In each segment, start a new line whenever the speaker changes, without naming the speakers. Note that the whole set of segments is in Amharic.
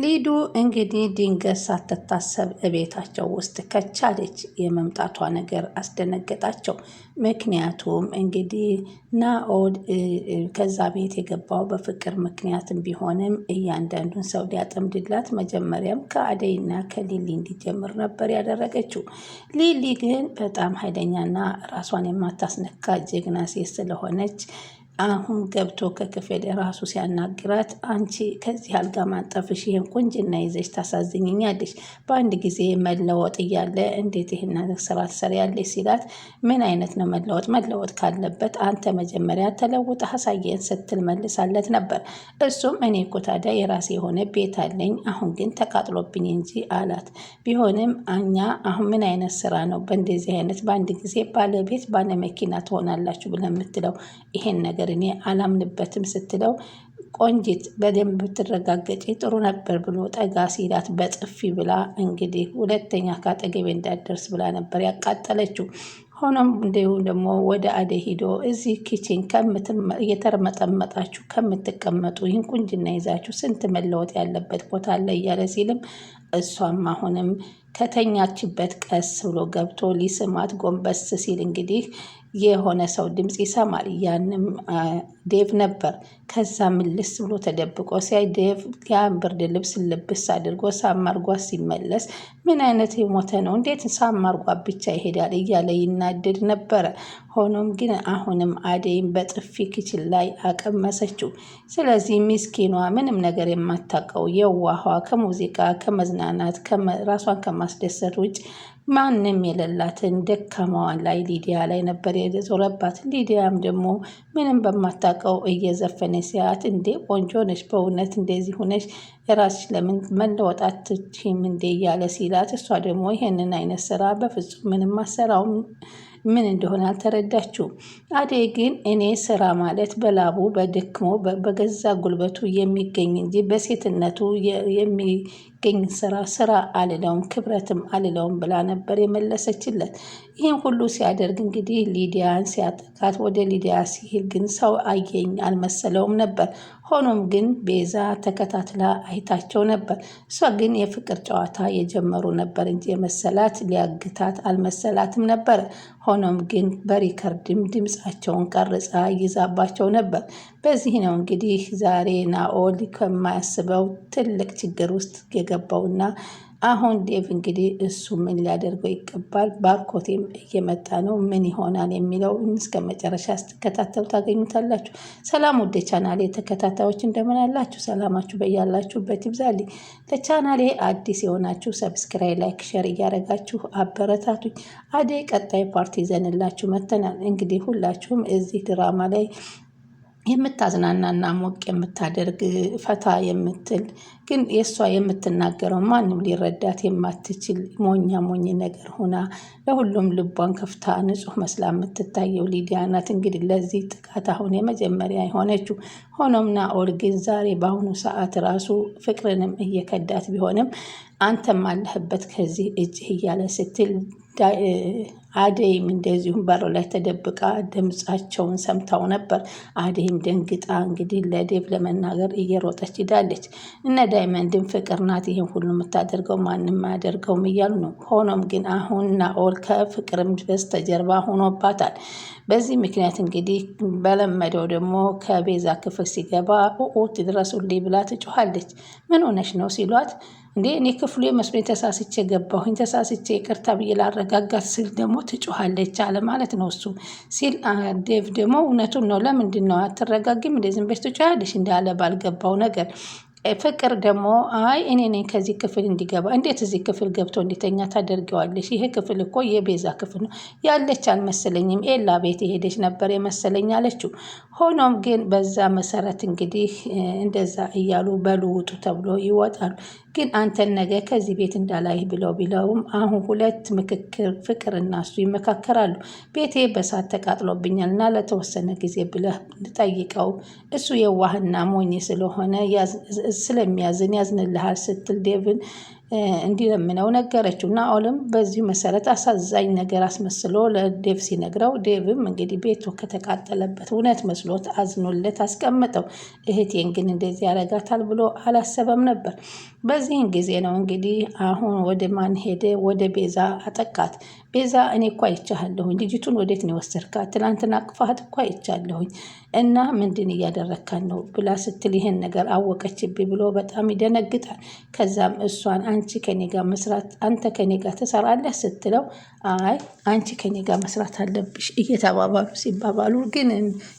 ሊዱ እንግዲህ ድንገት ሳትታሰብ እቤታቸው ውስጥ ከቻለች የመምጣቷ ነገር አስደነገጣቸው። ምክንያቱም እንግዲህ ናኦድ ከዛ ቤት የገባው በፍቅር ምክንያትም ቢሆንም እያንዳንዱን ሰው ሊያጠምድላት መጀመሪያም ከአደይና ከሊሊ እንዲጀምር ነበር ያደረገችው። ሊሊ ግን በጣም ኃይለኛና ራሷን የማታስነካ ጀግና ሴት ስለሆነች አሁን ገብቶ ከክፍል ራሱ ሲያናግራት አንቺ ከዚህ አልጋ ማንጠፍሽ ይህን ቁንጅና ይዘሽ ታሳዝኝኛለሽ፣ በአንድ ጊዜ መለወጥ እያለ እንዴት ይህን ስራ ትሰሪያለሽ? ሲላት ምን አይነት ነው መለወጥ? መለወጥ ካለበት አንተ መጀመሪያ ተለውጠ አሳየን ስትል መልሳለት ነበር። እሱም እኔ እኮ ታዲያ የራሴ የሆነ ቤት አለኝ፣ አሁን ግን ተቃጥሎብኝ እንጂ አላት። ቢሆንም እኛ አሁን ምን አይነት ስራ ነው በእንደዚህ አይነት በአንድ ጊዜ ባለቤት ባለመኪና ትሆናላችሁ ብለን የምትለው ይሄን ነገር እኔ አላምንበትም ስትለው ቆንጂት በደንብ ብትረጋገጪ ጥሩ ነበር ብሎ ጠጋ ሲላት በጥፊ ብላ እንግዲህ ሁለተኛ ካጠገቤ እንዳደርስ ብላ ነበር ያቃጠለችው። ሆኖም እንዲሁ ደግሞ ወደ አደይ ሂዶ እዚህ ኪችን እየተርመጠመጣችሁ ከምትቀመጡ ይህን ቁንጅና ይዛችሁ ስንት መለወጥ ያለበት ቦታ አለ እያለ ሲልም እሷም አሁንም ከተኛችበት ቀስ ብሎ ገብቶ ሊስማት ጎንበስ ሲል እንግዲህ የሆነ ሰው ድምፅ ይሰማል። ያንም ዴቭ ነበር ከዛ ምልስ ብሎ ተደብቆ ሲያይ ዴቭ ያን ብርድ ልብስ ልብስ አድርጎ ሳማርጓ ሲመለስ ምን አይነት የሞተ ነው እንዴት ሳም ብቻ ይሄዳል እያለ ይናደድ ነበረ። ሆኖም ግን አሁንም አደይም በጥፊ ክችል ላይ አቀመሰችው። ስለዚህ ሚስኪኗ ምንም ነገር የማታውቀው የዋኋ ከሙዚቃ ከመዝናናት ራሷን ከማስደሰት ውጭ ማንም የሌላትን ደካማዋን ላይ ሊዲያ ላይ ነበር የዞረባት። ሊዲያም ደግሞ ምንም በማታውቀው እየዘፈነ ሲያት እንዴ ቆንጆ ነሽ በእውነት እንደዚህ ሁነሽ የራስሽ ለምን መለወጣትችም እንዴ እያለ ሲላት፣ እሷ ደግሞ ይህንን አይነት ስራ በፍጹም ምንም አሰራውም ምን እንደሆነ አልተረዳችውም አደይ ግን እኔ ስራ ማለት በላቡ በድክሞ በገዛ ጉልበቱ የሚገኝ እንጂ በሴትነቱ የሚገኝ ስራ ስራ አልለውም ክብረትም አልለውም ብላ ነበር የመለሰችለት። ይህን ሁሉ ሲያደርግ እንግዲህ ሊዲያን ሲያጠቃት ወደ ሊዲያ ሲሄድ ግን ሰው አየኝ አልመሰለውም ነበር። ሆኖም ግን ቤዛ ተከታትላ አይታቸው ነበር። እሷ ግን የፍቅር ጨዋታ የጀመሩ ነበር እንጂ የመሰላት ሊያግታት አልመሰላትም ነበር። ሆኖም ግን በሪከርድም ድምፃቸውን ቀርጻ ይዛባቸው ነበር። በዚህ ነው እንግዲህ ዛሬ ናኦል ከማያስበው ትልቅ ችግር ውስጥ የገባውና አሁን ዴቭ እንግዲህ እሱ ምን ሊያደርገው ይገባል? ባርኮቴም እየመጣ ነው። ምን ይሆናል የሚለው እስከ መጨረሻ ስትከታተሉ ታገኙታላችሁ። ሰላም ወደ ቻናሌ ተከታታዮች እንደምን አላችሁ? ሰላማችሁ በያላችሁበት ይብዛልኝ። ለቻናሌ አዲስ የሆናችሁ ሰብስክራይ፣ ላይክ፣ ሸር እያደረጋችሁ አበረታቱኝ። አደይ ቀጣይ ፓርቲ ይዘንላችሁ መተናል። እንግዲህ ሁላችሁም እዚህ ድራማ ላይ የምታዝናናና ሞቅ የምታደርግ ፈታ የምትል ግን የእሷ የምትናገረው ማንም ሊረዳት የማትችል ሞኛ ሞኝ ነገር ሆና ለሁሉም ልቧን ከፍታ ንጹሕ መስላ የምትታየው ሊዲያ ናት። እንግዲህ ለዚህ ጥቃት አሁን የመጀመሪያ የሆነችው። ሆኖም ናኦል ግን ዛሬ በአሁኑ ሰዓት ራሱ ፍቅርንም እየከዳት ቢሆንም አንተም አለህበት ከዚህ እጅህ እያለ ስትል አደይም እንደዚሁም በር ላይ ተደብቃ ድምፃቸውን ሰምተው ነበር። አደይም ደንግጣ እንግዲህ ለዴቭ ለመናገር እየሮጠች ሂዳለች። እነ ዳይመንድም ፍቅር ናት ይህን ሁሉ የምታደርገው ማንም አያደርገውም እያሉ ነው። ሆኖም ግን አሁን ናኦል ከፍቅርም በስተጀርባ ሆኖባታል። በዚህ ምክንያት እንግዲህ በለመደው ደግሞ ከቤዛ ክፍል ሲገባ ቁቁት ድረሱልኝ ብላ ትጮኋለች። ምን ሆነች ነው ሲሏት እንዴ እኔ ክፍሉ የመስሎኝ ተሳስቼ ገባሁኝ ተሳስቼ ይቅርታ ብዬ ላረጋጋት ስል ደግሞ ትጮኋለች አለ ማለት ነው እሱ ሲል ዴቭ ደግሞ እውነቱን ነው ለምንድን ነው አትረጋጊም እንደ ዝም ብለሽ ትጮያለሽ እንዳለ ባልገባው ነገር ፍቅር ደግሞ አይ እኔ ነኝ ከዚህ ክፍል እንዲገባ እንዴት እዚህ ክፍል ገብቶ እንዲተኛ ታደርገዋለች ይሄ ክፍል እኮ የቤዛ ክፍል ነው ያለች አልመሰለኝም፣ ኤላ ቤት የሄደች ነበር የመሰለኝ አለችው። ሆኖም ግን በዛ መሰረት እንግዲህ እንደዛ እያሉ በሉ ውጡ ተብሎ ይወጣሉ። ግን አንተን ነገ ከዚህ ቤት እንዳላይህ ብለው ቢለውም አሁን ሁለት ምክክር ፍቅር እና እሱ ይመካከራሉ። ቤቴ በሳት ተቃጥሎብኛል እና ለተወሰነ ጊዜ ብለህ ጠይቀው እሱ የዋህና ሞኝ ስለሆነ ስለሚያዝን ያዝንልሃል ስትል ዴቭን እንዲለምነው ነገረችው እና ኦልም በዚህ መሰረት አሳዛኝ ነገር አስመስሎ ለዴቭ ሲነግረው ዴቭም እንግዲህ ቤቱ ከተቃጠለበት እውነት መስሎት አዝኖለት አስቀመጠው። እህቴን ግን እንደዚህ ያረጋታል ብሎ አላሰበም ነበር። በዚህን ጊዜ ነው እንግዲህ አሁን ወደ ማን ሄደ? ወደ ቤዛ አጠቃት። ቤዛ እኔ እኳ አይቻለሁኝ፣ ልጅቱን ወዴት ነው የወሰድካት? ትናንትና አቅፋት እኳ አይቻለሁኝ እና ምንድን እያደረካን ነው ብላ ስትል ይህን ነገር አወቀችብኝ ብሎ በጣም ይደነግጣል። ከዛም እሷን አንቺ ከኔ ጋር መስራት አንተ ከኔ ጋር ትሰራለህ ስትለው አይ አንቺ ከኔ ጋር መስራት አለብሽ እየተባባሉ ሲባባሉ ግን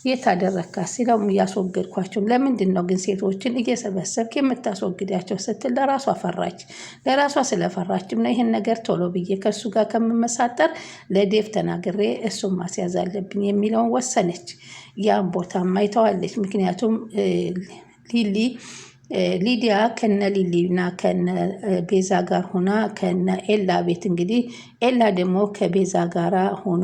የት አደረካት ሲለው እያስወገድኳቸው። ለምንድን ነው ግን ሴቶችን እየሰበሰብክ የምታስወግዳቸው ስትል ለራሷ ፈራች። ለራሷ ስለፈራችም ነው ይህን ነገር ቶሎ ብዬ ከእሱ ጋር ከምመሳጠር ለዴቭ ተናግሬ እሱን ማስያዝ አለብኝ የሚለውን ወሰነች። ያን ቦታ ማይተዋለች። ምክንያቱም ሊሊ ሊዲያ ከነ ሊሊ እና ከነ ቤዛ ጋር ሆና ከነ ኤላ ቤት እንግዲህ ኤላ ደግሞ ከቤዛ ጋር ሆኖ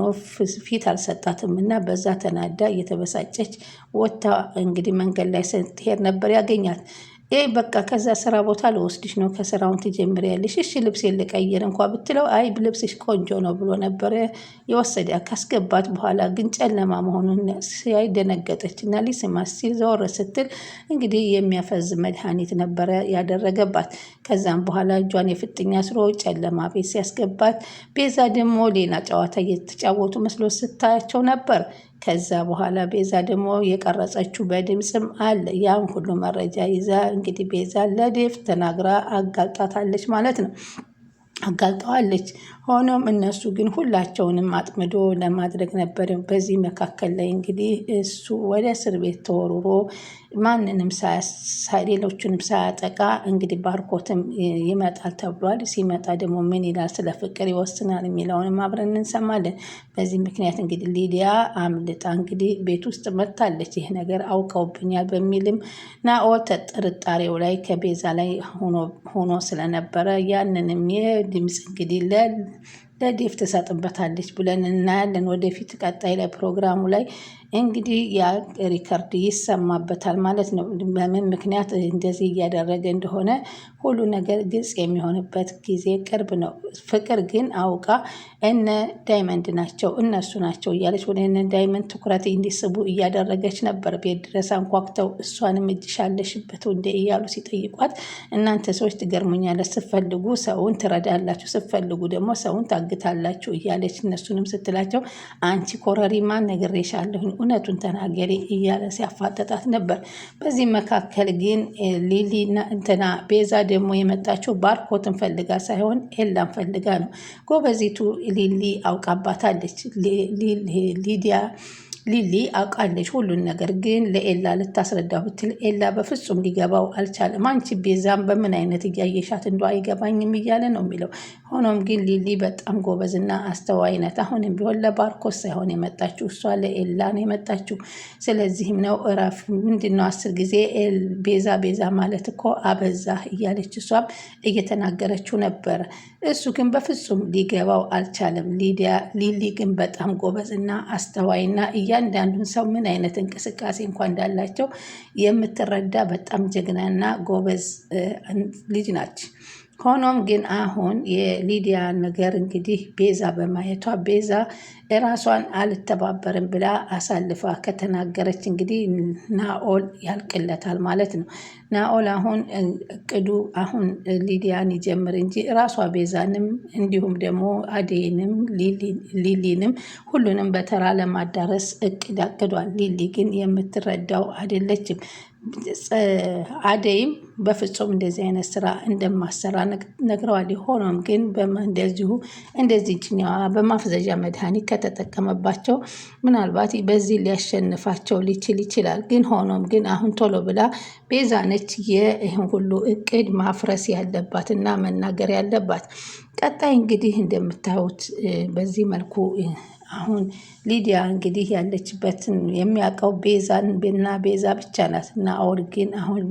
ፊት አልሰጣትም እና በዛ ተናዳ እየተበሳጨች ወታ እንግዲህ መንገድ ላይ ስትሄድ ነበር ያገኛት። ይህ በቃ ከዛ ስራ ቦታ ልወስድሽ ነው፣ ከስራውን ትጀምሪያለሽ። እሺ ልብስ ልቀይር እንኳ ብትለው አይ ልብስሽ ቆንጆ ነው ብሎ ነበረ የወሰደ። ካስገባት በኋላ ግን ጨለማ መሆኑን ሲያይ ደነገጠች እና ሊስማ ሲል ዘወር ስትል እንግዲህ የሚያፈዝ መድኃኒት ነበረ ያደረገባት። ከዛም በኋላ እጇን የፍጥኛ ስሮ ጨለማ ቤት ሲያስገባት፣ ቤዛ ደግሞ ሌላ ጨዋታ እየተጫወቱ መስሎ ስታያቸው ነበር። ከዛ በኋላ ቤዛ ደግሞ የቀረጸችው በድምፅም አለ። ያን ሁሉ መረጃ ይዛ እንግዲህ ቤዛ ለዴፍ ተናግራ አጋልጣታለች ማለት ነው። አጋልጠዋለች። ሆኖም እነሱ ግን ሁላቸውንም አጥምዶ ለማድረግ ነበር። በዚህ መካከል ላይ እንግዲህ እሱ ወደ እስር ቤት ተወርሮ ማንንም ሌሎችንም ሳያጠቃ እንግዲህ ባርኮትም ይመጣል ተብሏል። ሲመጣ ደግሞ ምን ይላል ስለ ፍቅር ይወስናል የሚለውንም አብረን እንሰማለን። በዚህ ምክንያት እንግዲህ ሊዲያ አምልጣ እንግዲህ ቤት ውስጥ መታለች። ይህ ነገር አውቀውብኛል በሚልም ናኦል ጥርጣሬው ላይ ከቤዛ ላይ ሆኖ ስለነበረ ያንንም ይህ ድምፅ እንግዲህ ለ ለዴፍ ትሰጥበታለች ብለን እናያለን። ወደፊት ቀጣይ ላይ ፕሮግራሙ ላይ እንግዲህ ያ ሪከርድ ይሰማበታል ማለት ነው። በምን ምክንያት እንደዚህ እያደረገ እንደሆነ ሁሉ ነገር ግልጽ የሚሆንበት ጊዜ ቅርብ ነው። ፍቅር ግን አውቃ እነ ዳይመንድ ናቸው እነሱ ናቸው እያለች ወደ እነ ዳይመንድ ትኩረት እንዲስቡ እያደረገች ነበር። ቤት ድረስ አንኳኩተው እሷንም እጅሻለሽበት እንዴ እያሉ ሲጠይቋት እናንተ ሰዎች ትገርሙኛለች፣ ስትፈልጉ ሰውን ትረዳላችሁ፣ ስትፈልጉ ደግሞ ሰውን ታግታላችሁ እያለች እነሱንም ስትላቸው አንቺ ኮረሪማ ነግሬሻለሁኝ እውነቱን ተናገሪ እያለ ሲያፋጠጣት ነበር። በዚህ መካከል ግን ሊሊ እንትና ቤዛ ደግሞ የመጣችው ባርኮትን ፈልጋ ሳይሆን ኤላን ፈልጋ ነው። ጎበዚቱ ሊሊ አውቃባታለች። ሊዲያ ሊሊ አውቃለች ሁሉን ነገር፣ ግን ለኤላ ልታስረዳው ብትል ኤላ በፍጹም ሊገባው አልቻለም። አንቺ ቤዛም በምን አይነት እያየሻት እንዶ አይገባኝም እያለ ነው የሚለው። ሆኖም ግን ሊሊ በጣም ጎበዝና አስተዋይነት አሁንም ቢሆን ለባርኮስ ሳይሆን የመጣችው እሷ ለኤላ ነው የመጣችው። ስለዚህም ነው እረፍ ምንድነው አስር ጊዜ ቤዛ ቤዛ ማለት እኮ አበዛ እያለች እሷም እየተናገረችው ነበረ። እሱ ግን በፍጹም ሊገባው አልቻለም። ሊሊ ግን በጣም ጎበዝና አስተዋይና እያ እያንዳንዱን ሰው ምን አይነት እንቅስቃሴ እንኳ እንዳላቸው የምትረዳ በጣም ጀግናና ጎበዝ ልጅ ናች። ሆኖም ግን አሁን የሊዲያ ነገር እንግዲህ ቤዛ በማየቷ ቤዛ እራሷን አልተባበርም ብላ አሳልፋ ከተናገረች እንግዲህ ናኦል ያልቅለታል ማለት ነው። ናኦል አሁን እቅዱ አሁን ሊዲያን ይጀምር እንጂ እራሷ ቤዛንም እንዲሁም ደግሞ አዴንም ሊሊንም ሁሉንም በተራ ለማዳረስ እቅድ አቅዷል። ሊሊ ግን የምትረዳው አይደለችም። አደይም በፍጹም እንደዚህ አይነት ስራ እንደማሰራ ነግረዋል። ሆኖም ግን እንደዚሁ እንደዚህ እጅኛዋ በማፍዘዣ መድኃኒት ከተጠቀመባቸው ምናልባት በዚህ ሊያሸንፋቸው ሊችል ይችላል። ግን ሆኖም ግን አሁን ቶሎ ብላ ቤዛነች ይህን ሁሉ እቅድ ማፍረስ ያለባት እና መናገር ያለባት። ቀጣይ እንግዲህ እንደምታዩት በዚህ መልኩ አሁን ሊዲያ እንግዲህ ያለችበትን የሚያውቀው ቤዛን እና ቤዛ ብቻ ናት። እና አውር ግን አሁን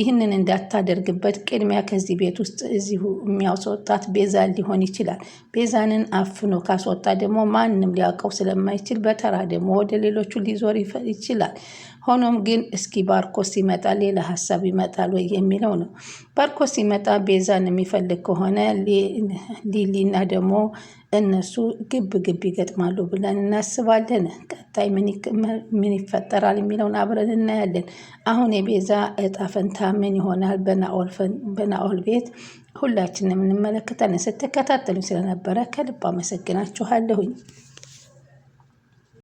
ይህንን እንዳታደርግበት ቅድሚያ ከዚህ ቤት ውስጥ እዚሁ የሚያስወጣት ቤዛን ሊሆን ይችላል። ቤዛንን አፍኖ ካስወጣ ደግሞ ማንም ሊያውቀው ስለማይችል በተራ ደግሞ ወደ ሌሎቹ ሊዞር ይችላል። ሆኖም ግን እስኪ ባርኮስ ሲመጣ ሌላ ሀሳብ ይመጣል ወይ የሚለው ነው። ባርኮስ ሲመጣ ቤዛን የሚፈልግ ከሆነ ሊሊና ደግሞ እነሱ ግብ ግብ ይገጥማሉ ብለን እናስባለን። ቀጣይ ምን ይፈጠራል የሚለውን አብረን እናያለን። አሁን የቤዛ እጣ ፈንታ ምን ይሆናል? በናኦል ቤት ሁላችንም እንመለከታለን። ስትከታተሉ ስለነበረ ከልብ አመሰግናችኋለሁኝ።